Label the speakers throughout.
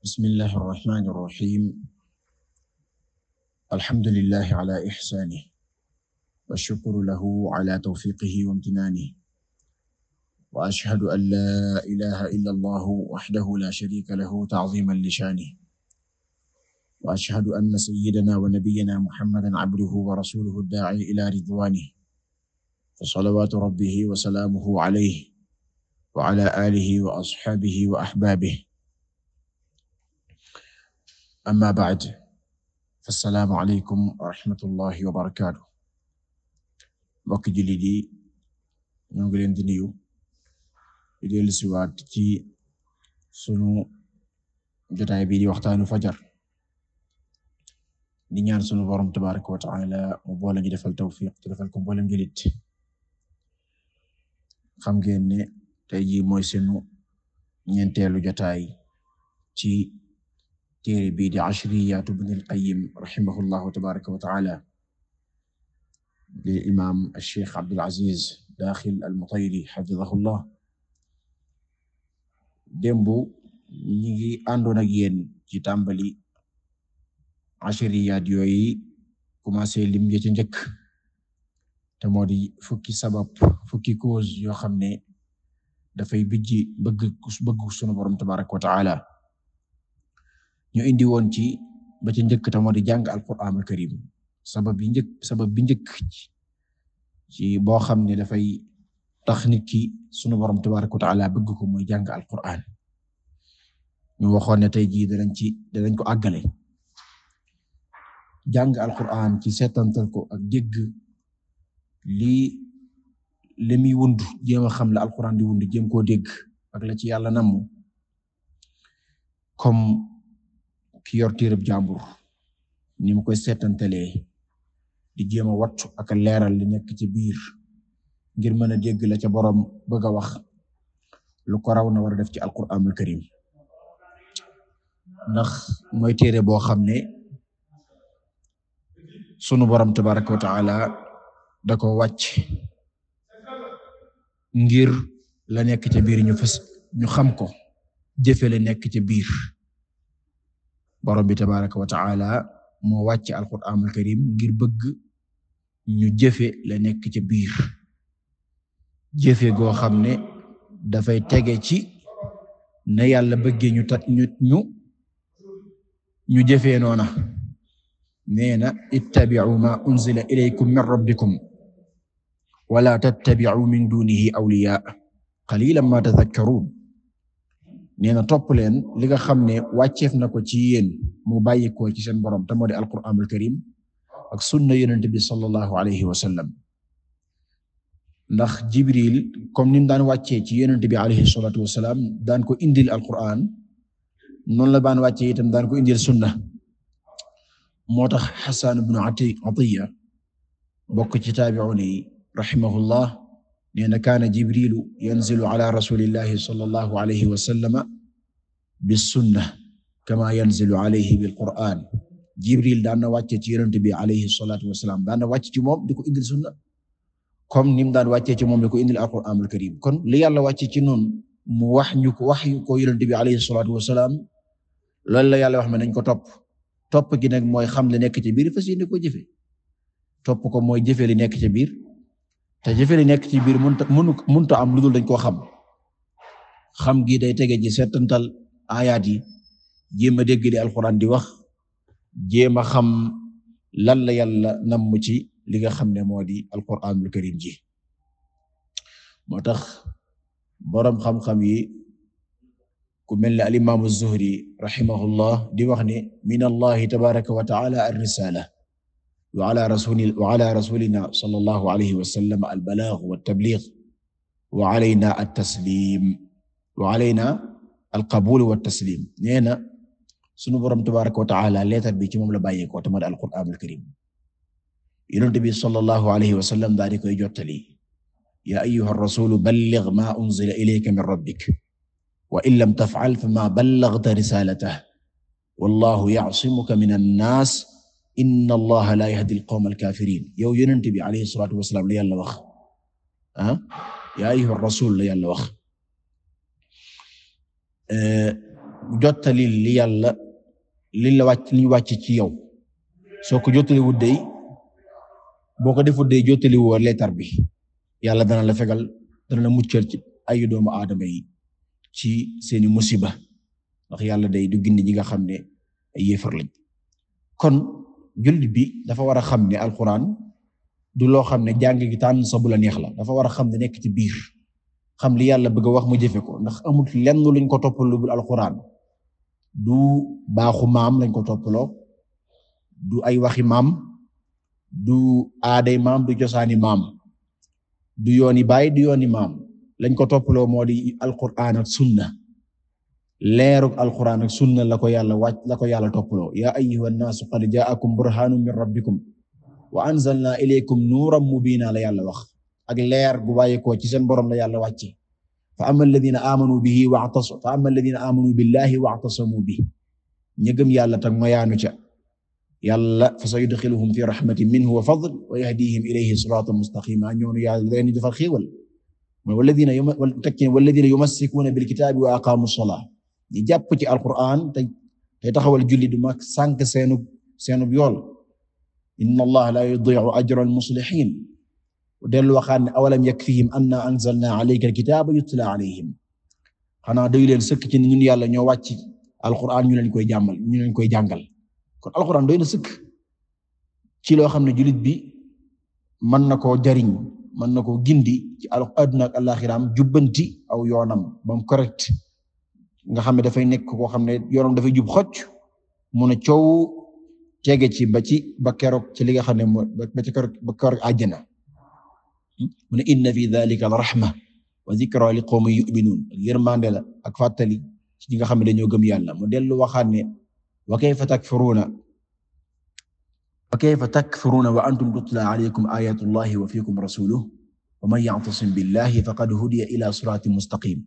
Speaker 1: bismillahi arrahmani irrahim alhamdulilahi ala ixsanih walshukru lahu ala tawfiqihi wa imtinaanihi wa ashhadu an laa ilaha illa allahu waxdahu la sharika lahu tacziman lishaanihi wa ashhadu anna sayyidana wa nabiyyana muhammadan cabduhu wa rasuluhu daaci ila ridwaanihi fa salawaatu rabbihi wa salaamuhu calayhi wa ala aalihi wa asxaabihi wa axbaabihi amma ba'd assalaamu aleykum wa rahmatullahi wa barakaatu mbokk jullit yi ñoo ngi leen di nuyu di ci sunu jotaay bi di waxtaanu fajar di ñaan sunu borom tabaraka wa ta'ala mu boole ñu defal tawfiq te defal ko mboolem jullit xam ngeen ne tey jii mooy sunu ñeenteelu ci téere bii di ashriyaatu ibnul qayyim rahimahullahu tabaraka wa taala li imaam cheikh abdul aziz daaxil al mutayri xafidahullah démbu ñi ngi àndoon ak yéen ci tàmbali ashriyaat yooyu commencé lim ya ca njëkk te moo di fukki sabab fukki cause yoo xam ne dafay bijji bëgg bëgg sunu borom tabaraka wa ñu indiwoon ci ba ci njëkk tamoo di jàng alquran al karim sabab bi njëkk sabab ci boo xam ne dafay tax nit ki sunu borom tabaraka wa taala bëgg ko muy jàng alquran ñu waxoon ne tey jii danañ ci danañ ko àggale jàng alquran ci seetantal ko ak dégg lii li muy wund jéem a xam la alquran di wund jéem koo dégg ak la ci yàlla nam comme ki yor téereb jàmbur ni mu koy seetantalee di jéem a wattu ak leeral li nekk ci biir ngir mën a dégg la ca borom bëgg a wax lu ko raw na war a def ci alquranul karim ndax mooy téere boo xam ne sunu borom tabaraka wa taala da ko wàcc ngir la nekk ca biir ñu fas ñu xam ko jëfe la nekk ca biir borom bi tabaraka wa taala moo wàcce alquranul karim ngir bëgg ñu jëfe la nekk ca biir jëfe goo xam ne dafay tege ci na yàlla bëggee ñu ta ñu ñu jëfe jëfee noona nee na ittabi'u ma unzila ilaykum min rabbikum wala tattabi'u min dunihi awliya qalilan ma tadhakkarun nee na topp leen li nga xam ne wàcceef na ko ci yéen mu bàyyi ko ci seen borom te moo di alquranul karim ak sunna yonent bi sallallahu alayhi wa sallam ndax Jibril comme ni daan wàccee ci yonent bi alayhi salatu wasalaam daan ko indil alquran noonu la baan wàccee itam daan ko indil sunna moo tax Xasaan ibnu Atiya bokk ci taabi'un yi rahimahullah nee na kaana jibrilu yanzilu ala rasulillahi sallallahu alayhi wa sallama bisunna kama yanzilu alayhi bilquran jibril daan na wàcce ci yonent bi alayhi salatu wasalaam daan na wàcc ci moom di ko indil sunna comme ni mu daan wàccee ci moom di ko indil alquran alkarim kon li yàlla wàcce ci noonu mu wax ñu ko wax yu ko yonent bi alayhi salatu wasalaam loolu la yàlla wax ma nañ ko topp top gi nag mooy xam li nekk ci biir fas yéene ko jëfe topp ko mooy jëfe li nekk ci biir te jëfe li nekk ci biir mënut mënut mënut am lu dul dañ koo xam xam gi day tege ji setantal ayaat yi jéem a dégg li di wax jéem a xam lan la yàlla namm ci li nga xam ne moo di alxuraanul karim ji moo tax boroom xam-xam yi ku mel ne al imaamu zuhri rahimahullah di wax ne min allahi tabaraka wa taala ar risala wa ala rasuli wa ala rasulina sallallahu alayhi wa sallam al balagh wa tabligh wa alayna at taslim wa alayna al qabul wa taslim nee na sunu borom tabaaraka wa ta'ala leetar bi ci moom la bàyyeekoo tamit al qur'an al karim yonent bi sallallahu alayhi wa sallam daal di koy jottali ya ayyuha ar-rasulu balligh ma unzila ilayka min rabbik wa in lam taf'al fama ballaghta risalatahu wallahu ya'simuka min an-nas inna allaha la yahdi alqawma alkafirin yow yonent bi alayhi salatu wasalaam la yàlla wax ah ya ayyuha rasul la yàlla wax eh, jottali li yàlla li la wàcc li ñu ci yow soo ko jottali wu dey boo ko defut dey jottali woo leetar bi yàlla dana la fegal dana la muccal ci ay doomu aadama yi ci seeni musiba ndax yàlla day du gindi ñi nga xam ne yéefar lañ kon jullit bi dafa war a xam ne alxuraan du loo xam ne jàng gi tànn sa neex la dafa war a xam ne nekk ci biir xam li yàlla bëgg wax mu jëfe ko ndax amul lenn luñ ko toppaloo bul alxuraan du baaxu maam lañ ko toppaloo du ay waxi maam du aaday maam du cosaani maam du yooni baay du yooni maam lañ ko toppaloo moo di alxuraan ak sunna leerug alquran ak sunna la ko yàlla wàcc la ko yàlla toppaloo yaa ayyuha nnaasu qad jaakum burhanun min rabbikum wa anzalna ilaykum nuuran mubina la yàlla wax ak leer gu bàyyikoo ci seen borom la yàlla wàcce fa ama alladina amanu bihi wa'tasamu fa ama alladina amanu billahi wa'tasamu bihi ñi gëm yàlla tag moyaanu ca yàlla fa sayudxiluhum fi rahmatin minhu wa fadl wa yahdihim ilayhi siratan mustaqima ñoonu yàlla leen di defal xéewal mooy walladina tekki walladina yumassikuna bilkitabi wa aqamu salaa di jàpp ci alquran te te taxawal jullit du mag sànq seenu seenu yool inna allaha la yudi'u ajra almuslihin dellu waxaat ne awalam yakfihim anna anzalna alayka alkitaba yutla alayhim xanaa doy leen sëkk ci ñun yàlla ñoo wàcc alquran ñu leen koy jàmmal ñu leen koy jàngal kon alquran doy na sëkk ci loo xam ne jullit bi mën na koo jariñ mën na koo gindi ci al adduna ak alaxiraam jubbanti aw yoonam bam correct nga xam ne dafay nekk koo xam ne yoonam dafay jub xocc mun a coow tege ci ba ci ba keroog ci li nga xam ne ba ci keroog ba keroog àjjana mu ne inna fi dhalika la rahma wa zikra li qawmin yu'minun yërmande la ak fàttali ci ñi nga xam ne dañoo gëm yàlla mu dellu waxaat ne wa kayfa takfuruna wa kayfa takfuruna wa antum tutla alaykum ayatullahi wa fiikum rasuluhu wa man ya'tasim billahi faqad hudiya ila siratin mustaqim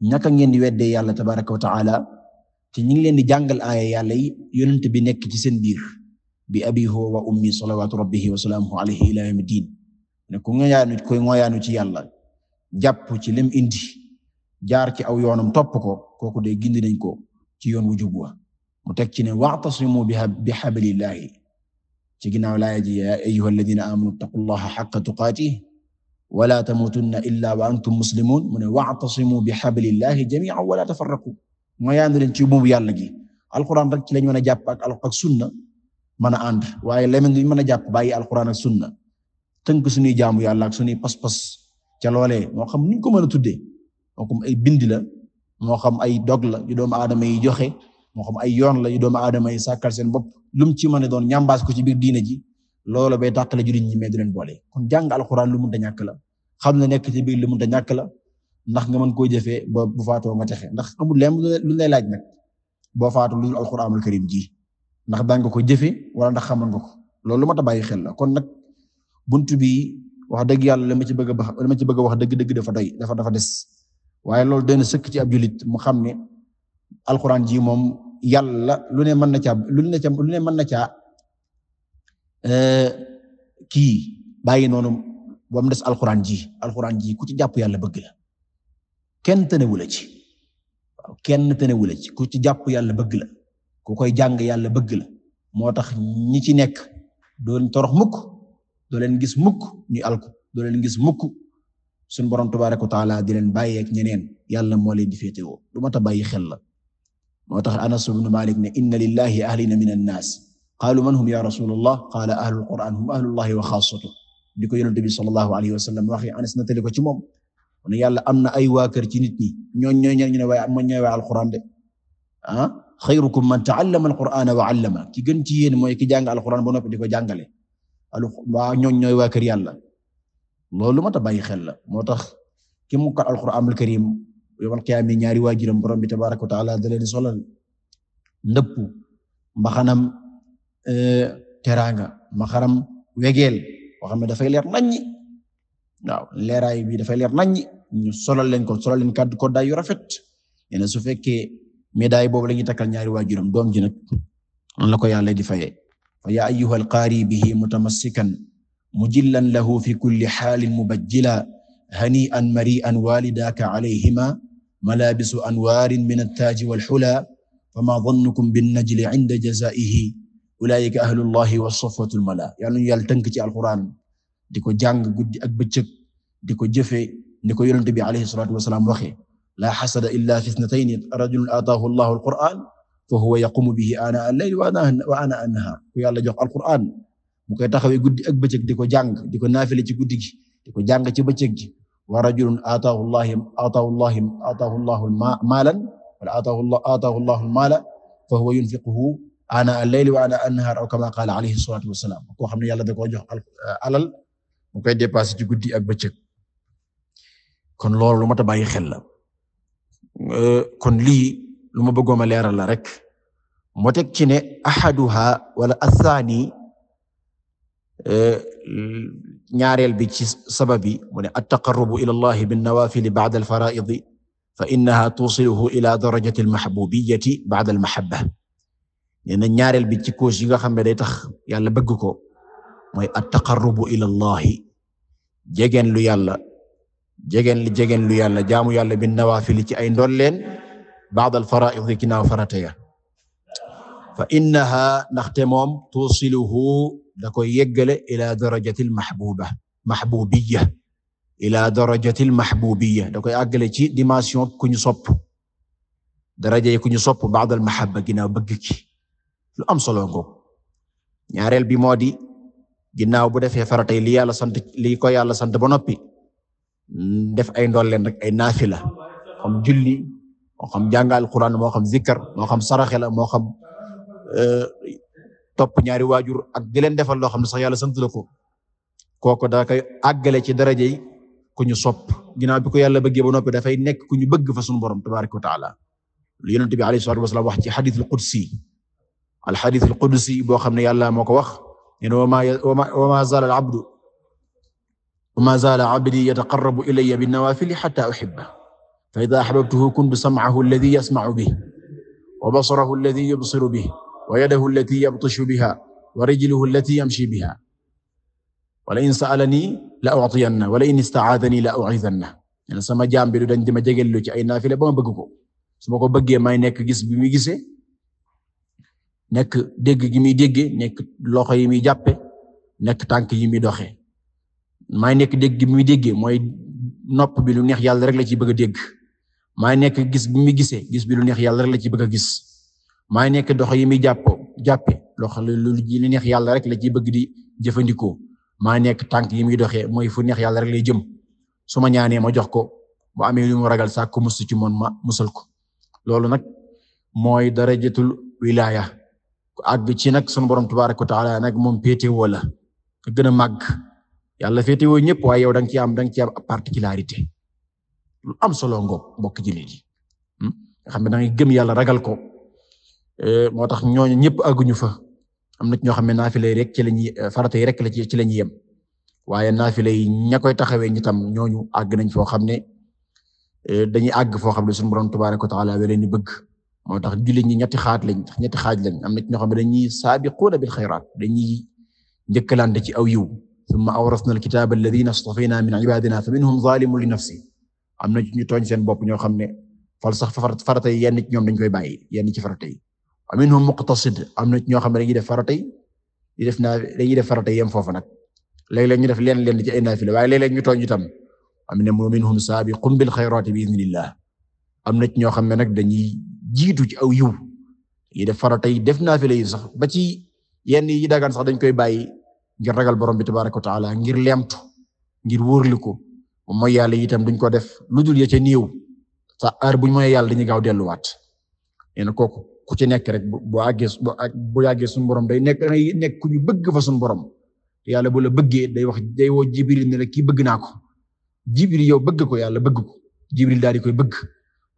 Speaker 1: naka ngeen di weddee yàlla tabaraka wa taala te ñu ngi leen di jàngal aaya yàlla yi yonent bi nekk ci seen biir bi abi huwa wa ummi salawaatu rabbihi wa salaamuhu alayhi ila yawmi diin ne ku ngoyaanu koy ngoyaanu ci yàlla jàpp ci lim indi jaar ci aw yoonam topp ko kooku de gindi nañ ko ci yoon wu jub mu teg ci ne wa'tasimu bi hablillahi ci ginnaaw laaya ji ya ayyuha alladina amanu ittaqullaha haqqa tuqaatih wala tamutunna illa wa antum muslimun mu ne wa'tasimu bi hablillahi jami'an wala tafarraqu mooy ànd leen ci buubu yàlla gi alquran rek ci lañ mën a jàpp ak ak sunna mën a ànd waaye leneen duñ mën a jàpp bàyyi alquran ak sunna tënk suñuy jaamu yàlla ak suñuy pas-pas ca loolee moo xam nuñ ko mën a tuddee moo ay bind la moo xam ay dog la yu doom aadama yi joxe moo xam ay yoon la yu doomu aadama yi sàkkal seen bopp lum ci mën a doon ñambaas ko ci biir diina ji loola bay tàqale jullit ñi mais du leen boole kon jàng alxuraan lu mënta ñàkk la xam ne nekk ci biir lu mënta ñàkk la ndax nga mën koo jëfee ba bu faatoo nga texe ndax amul lenn lu lay laaj nag boo faatu lu alxuraanul karim ji ndax daan nga ko jëfe wala ndax xaman nga ko loolu lu ma ta bàyyi xel na kon nag buntu bi wax dëgg yàlla la ma ci bëgg a la ci bëgg wax dëgg-dëgg dafa doy dafa dafa des waaye loolu doon sëkk ci ab julit mu xam ne alxuraan ji moom yàlla lu ne mën na caa lu ne ca lu ne mën na caa Eh, kii bàyyi noonu ba mu des alxuraan ji alxuraan ji ku ci jàpp yàlla bëgg la kenn tënewu la ci waaw kenn tënewu la ci ku ci jàpp yàlla bëgg la ku koy jàng yàlla bëgg la moo tax ñi ci nekk doon torox mukk doo leen gis mukk ñu alku doo leen gis mukk suñ borom tabaaraka wa taala di leen bàyyi ak ñeneen yàlla moo leen di féetewoo lu mat bàyyi xel la moo tax Anas ibn Malik ne inna lillahi ahlina min annaas qaalu man hum ya rasulallah qaala ahlul quran hum ahlullahi wa xaasatu di ko yonente bi sallallahu alayhi wa sallam waxe anas na tali ko ci moom ne yàlla am na ay waa kër ci nit ñi ñooñ ñooy ñen ñu ne waaye am ñooy waa alquran de ah xayrukum man taallama alqurana wa allama ki gën ci yéen mooy ki jàng alquran ba noppi di ko jàngale alu waa ñooñ ñooy waa kër yàlla loolu moo tax bàyyi xel la moo tax ki mu kat alquranul karim yowmal qiyaama ñaari waajuram borom bi tabaraka wa taala da leen solal ndëpp mbaxanam teraanga maxaram wegeel boo xam ne dafay leer naññi waaw leeraay bi dafay leer naññi ñu solal leen ko solal leen kàddu ko daay yu rafet yéen su fekkee médaille boobu la ñuy takkal ñaari waajuram doom ji nag an la ko yàlla di fayee fa ya ayyuha alqaari bihi mutamassikan mujillan lahu fi kulli xaalin mubajjila hani'an mari'an walidaka alayhima malabisu anwaarin min attaaji walxula fama dannukum binnajli inda jazaihi ulaayika ahlullahi wa safwatul mala yàlla ñu yàlla tënk ci alquran di ko jàng guddi ak bëccëg di ko jëfe ni ko yonent bi alayhi salatu wasalaam waxe la xasada illa fi ithnatayn rajulun ataahu allahu alquran fa huwa yaqumu bihi ana al-layl wa ana an-nahar ku yàlla jox alquran mu koy taxawee guddi ak bëccëg di ko jàng di ko naafile ci guddi gi di ko jàng ci bëccëg gi wa rajulun ataahu allahi ataahu allahi ataahu allahu maalan wala ataahu allahu almaala fa huwa yunfiquhu ana al-layli wa ana an-nahaar aw kama qaala alayhi salaatu wasalaam koo xam ne yàlla da koo jox eh, alal mu koy dépassé ci guddi ak bëccëg kon loolu lu mat a bàyyi xel la eh, kon lii lu ma bëggoon a leeral la rek moo teg ci ne ahaduha wala asaani eh, ñaareel bi ci sababi mu ne at-taqarrubu ila Allah bin nawafil ba'da al-fara'id fa innaha tusiluhu ila darajati al-mahbubiyyati ba'da al-mahabba nee na ñaareel bi ci cause yi nga xam ne day tax yàlla bëgg ko mooy at-taqarrubu ila llahi jegen lu yàlla jegeen li jegeen lu yàlla jaamu yàlla bi nawaafili ci ay ndolleen ba'da al-fara'id ginnaaw farata ya fa innaha ndaxte moom tusiluhu da koy yeggale ila darajati al-mahbuba mahbubiyya ila darajati al-mahbubiyya da koy àggale ci dimension ku ñu sopp daraja yi ku ñu sopp ba'da al-mahabba ginnaaw bëgg lu am solo ngoog ñaareel bi moo di ginnaaw bu defee faratay li yàlla sant li ko yàlla sant ba noppi def ay ndolleen rek ay naafila xam julli moo xam jàngal Alxuraan moo xam zikkar moo xam saraxe la moo xam e, topp ñaari waajur ak di leen defal loo xam ne sax yàlla sant la ko kooku daa koy àggale ci daraje yi ku ñu sopp ginnaaw bi ko yàlla bëggee ba noppi dafay nekk ku ñu bëgg fa sunu borom tabaaraka wa taala lu yonent bi alayhi salaatu wasalaam wax ci xadiisul qudsi alxadis alqudsi boo xam ne yàlla moo ko wax nee na wa ma zaala al abdu wa ma zaala abdi yataqarrabu ilayya bin nawaafili xatta uhibba fa ida ahbabtuhu kuntu samcahu alladi yasmacu bih wa basarahu alladi yubsiru bih wa yadahu allati yabtishu biha wa rijluhu allati yamshi biha wala in saalani la utiyanna wala in istacaadani la uciidanna sama jaam bi du dañ di ma jegelu ci ay naafile ba ma bëgg ko su ma ko bëggee may nekk gis bi muy gisee nekk dégg gi muy déggee nekk loxo yi muy jàppee nekk tànk yi muy doxee maay nekk dégg gi muy déggee mooy nopp bi lu neex yàlla rek la ci bëgg dégg maay nekk gis bi muy gisee gis bi lu neex yàlla la ci bëgg a gis maay nekk doxo yi muy jàppoo jàppe loxo lu lu neex yàlla rek la ci bëgg di jëfandikoo maa nekk tànk yi muy doxee mooy fu neex yàlla rek lay jëm su ma ñaanee ma jox ko bu amee lu mu ragal sax ko musu ci moon ma musal ko loolu nag mooy darajatul wilaya àgg ci nag sunu borom tabaaraka wa taala nag moom féetewoo la ka gën a màgg yàlla féetewoo ñëpp waaye yow da nga ci am da nga ci am particularité lu am solo ngoog mbokk jullit hmm? nga xam ne da ngay gëm yàlla ragal ko eh, moo tax ñooñu ñëpp àgguñu fa am na ñoo xam ne naafila yi rek ci la ñuy eh, farata rek la ci la ñuy yem waaye naafila yi ña koy taxawee ñu tam ñooñu àgg nañ foo xam ne eh, dañuy àgg foo xam ne sunu borom tabaaraka wa taala leen di bëgg. moo tax jullit ñi ñetti xaaj lañ ñetti xaaj lañ am na ci ñoo xam ne dañuy saabiquuna bil xayraat dañuy njëkkalante ci aw yiw summa awrasna al kitaaba alladina stafayna min ibadina fa minhum zalimun li nafsi am na ci ñu tooñ seen bopp ñoo xam ne fal sax farata yi yenn ñoom dañ koy bàyyi yenn ci farata yi wa minhum muqtasid am na ci ñoo xam ne dañuy def farata def naa dañuy def farata yem foofu nag léeg-léeg ñu def leen leen ci ay naafila waaye léeg-léeg ñu tooñ itam am na minhum saabiqun bil xayraati bi idnillah am na ci ñoo xam ne nag dañuy jiitu ci aw yiw yi def farata yi def naafila yi sax ba ci yenn yi dagan sax dañ koy bàyyi ngir ragal borom bi tabaraka wa taala ngir lemtu ngir wóorlu ko mooy yàlla yitam duñ ko def lu dul ya ca néew sa heure buñ mooy yàlla dañuy gaaw delluwaat nee na kooku ku ci nekk rek bu àggee bu àggee suñu borom day nekk nekk ku bëgg fa suñu borom yàlla bu la bëggee day wax day woo jibril ne la kii bëgg naa ko jibril yow bëgg ko yàlla bëgg ko jibril daal di koy bëgg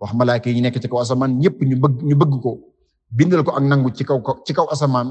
Speaker 1: wax malaaka yi nekk ci kaw saman ñëpp ñu bëgg ñu bëgg ko bindal ko ak nangu ci kaw ci kaw asamaan